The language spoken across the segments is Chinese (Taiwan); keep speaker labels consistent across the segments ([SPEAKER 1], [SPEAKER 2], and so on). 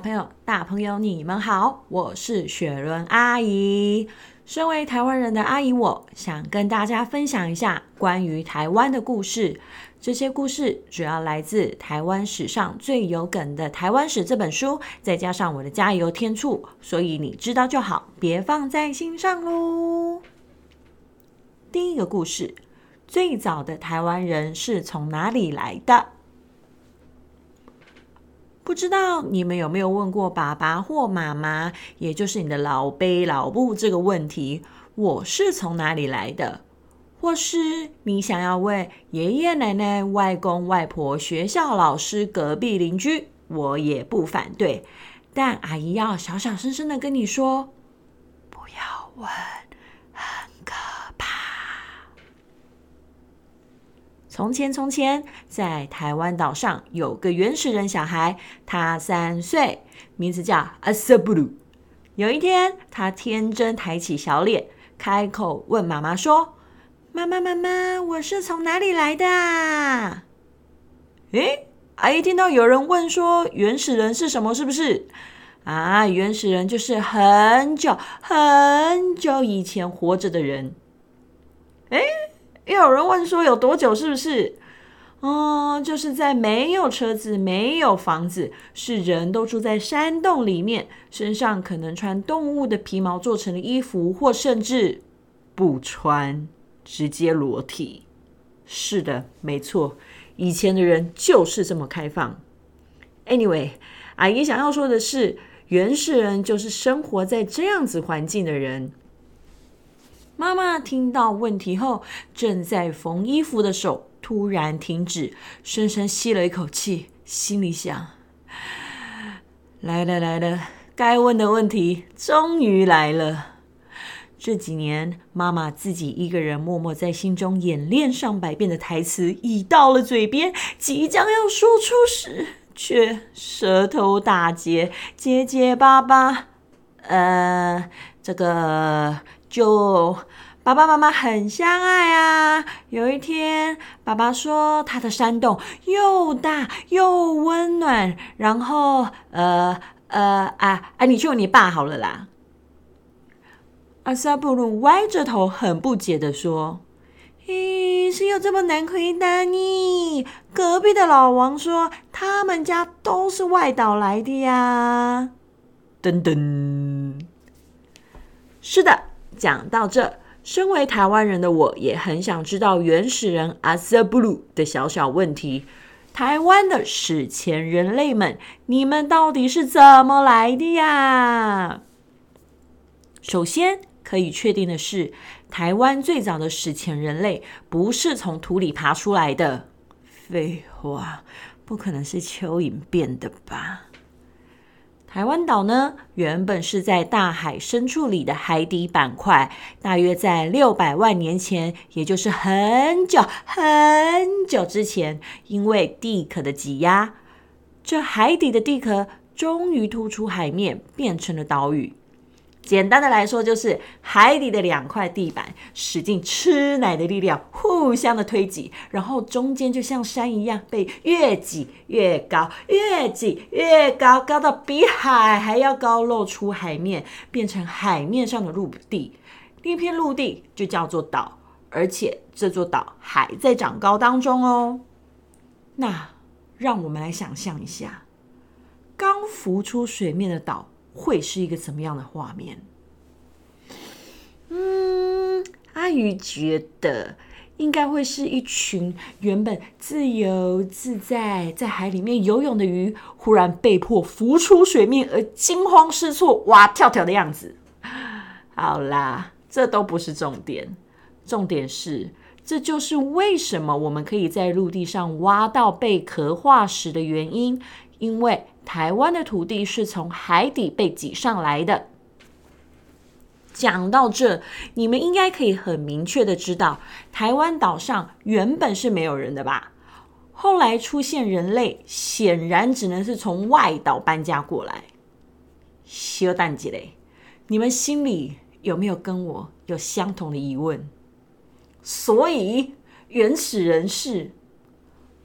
[SPEAKER 1] 朋友，大朋友，你們好，我是雪倫阿姨。身為台灣人的阿姨我，我想跟大家分享一下關於台灣的故事。這些故事主要來自《台灣史上最有梗的台灣史》這本書，再加上我的加油添醋，所以你知道就好，別放在心上嘍。第一個故事：最早的台灣人是從哪裡來的？不知道你們有沒有問過爸爸或媽媽，也就是你的老北老母這個問題，我是從哪裡來的？或是你想要問爺爺奶奶、外公外婆、學校老師、隔壁鄰居？我也不反對，但阿姨要小小聲聲的跟你說，不要問。從前，從前，在台灣島上有個原始人小孩，他三歲，名字叫阿瑟布魯。有一天，他天真抬起小臉，開口問媽媽說：“媽媽，媽媽，我是從哪裡來的？”誒阿姨、啊、聽到有人問說：“原始人是什麼？”是不是？啊，原始人就是很久很久以前活着的人。誒也有人問說有多久？是不是？哦、嗯？就是在沒有車子、沒有房子，是人都住在山洞裡面，身上可能穿動物的皮毛做成的衣服，或甚至不穿，直接裸體。是的，沒錯，以前的人就是這麼開放。Anyway，阿姨想要說的是，原始人就是生活在這樣子環境的人。媽媽聽到問題後，正在縫衣服的手突然停止，深深吸了一口氣，心裡想：“來了，來了，該問的問題終於來了。”這幾年，媽媽自己一個人默默在心中演練上百遍的台詞，已到了嘴邊，即將要說出時，卻舌頭打結，結結巴巴：“呃，這個。”就爸爸媽媽很相愛啊！有一天，爸爸說他的山洞又大又溫暖，然後呃呃啊啊！你救你爸好了啦。阿薩布魯歪着頭，很不解地說：“咦、欸，是有這麼難回答呢？”隔壁的老王說：“他們家都是外島來的呀。”噔噔，是的。講到這，身為台灣人的我，也很想知道原始人阿瑟布魯的小小問題：台灣的史前人類們，你們到底是怎麼來的呀？首先可以確定的是，台灣最早的史前人類不是從土裡爬出來的。廢話，不可能是蚯蚓變的吧？台灣島呢，原本是在大海深處裡的海底板塊，大約在六百萬年前，也就是很久很久之前，因為地殼的擠壓，這海底的地殼終於突出海面，變成了島嶼。簡單的來說，就是海底的兩塊地板使盡吃奶的力量。互相的推擠，然後中間就像山一樣被越擠越高，越擠越高，高到比海還要高，露出海面，變成海面上的陸地。那一片陸地就叫做島，而且這座島還在長高當中哦。那讓我們來想象一下，剛浮出水面的島會是一個怎麼樣的畫面？嗯，阿魚覺得。應該會是一群原本自由自在在海裡面游泳的魚，忽然被迫浮出水面而驚慌失措，哇跳跳的樣子。好啦，這都不是重點，重點是這就是為什麼我們可以在陸地上挖到貝殼化石的原因，因為台灣的土地是從海底被擠上來的。講到這，你們應該可以很明確地知道，台灣島上原本是沒有人的吧？後來出現人類，顯然只能是從外島搬家過來。修但幾勒，你們心裡有沒有跟我有相同的疑問？所以原始人士，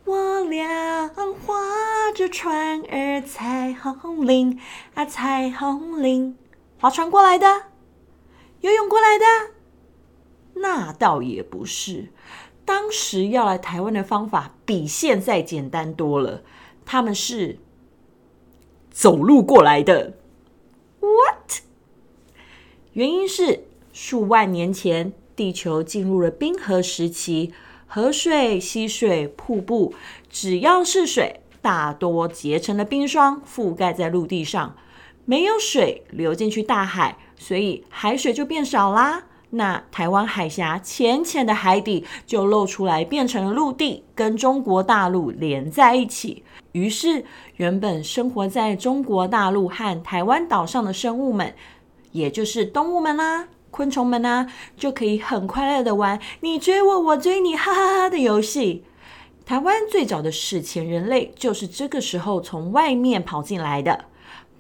[SPEAKER 1] 我倆划着船兒，採紅菱啊，採紅菱，划船過來的。游泳過來的？那倒也不是。當時要來台灣的方法比現在簡單多了。他們是走路過來的。What？原因是，數萬年前，地球進入了冰河時期，河水、溪水、瀑布，只要是水，大多結成了冰霜，覆蓋在陸地上，沒有水流進去大海。所以海水就變少啦，那台灣海峽淺淺的海底就露出來，變成了陸地，跟中國大陸連在一起。於是，原本生活在中國大陸和台灣島上的生物們，也就是動物們啦、啊、昆蟲們吶、啊，就可以很快樂的玩“你追我，我追你，哈哈哈”的遊戲。台灣最早的史前人類就是這個時候從外面跑進來的。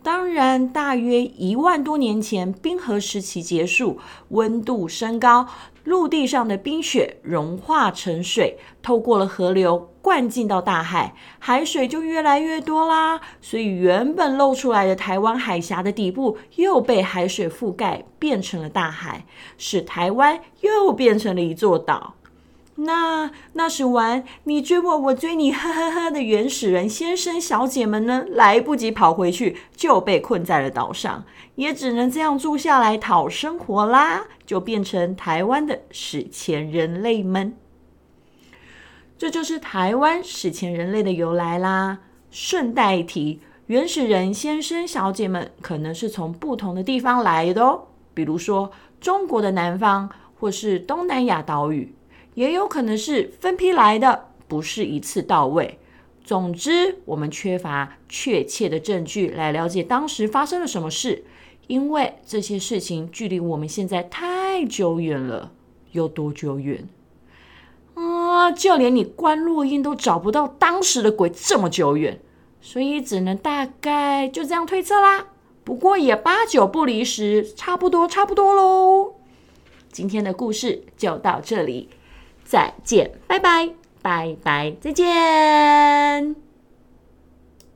[SPEAKER 1] 當然，大約一萬多年前，冰河時期結束，溫度升高，陸地上的冰雪融化成水，透過了河流，灌進到大海，海水就越來越多啦。所以，原本露出來的台灣海峽的底部又被海水覆蓋，變成了大海，使台灣又變成了一座島。那那時玩你追我我追你呵呵呵的原始人先生小姐們呢，來不及跑回去就被困在了島上，也只能這樣住下來討生活啦，就變成台灣的史前人類們。這就是台灣史前人類的由來啦。順帶一提，原始人先生小姐們可能是從不同的地方來的哦，比如說中國的南方或是東南亞島嶼。也有可能是分批來的，不是一次到位。總之，我們缺乏確切的證據來了解當時發生了什麼事，因為這些事情距離我們現在太久遠了。有多久遠？啊、嗯，就連你觀落陰都找不到當時的鬼這麼久遠，所以只能大概就這樣推測啦。不過也八九不離十，差不多，差不多嘍。今天的故事就到這裡。再見，拜拜，拜拜，再見。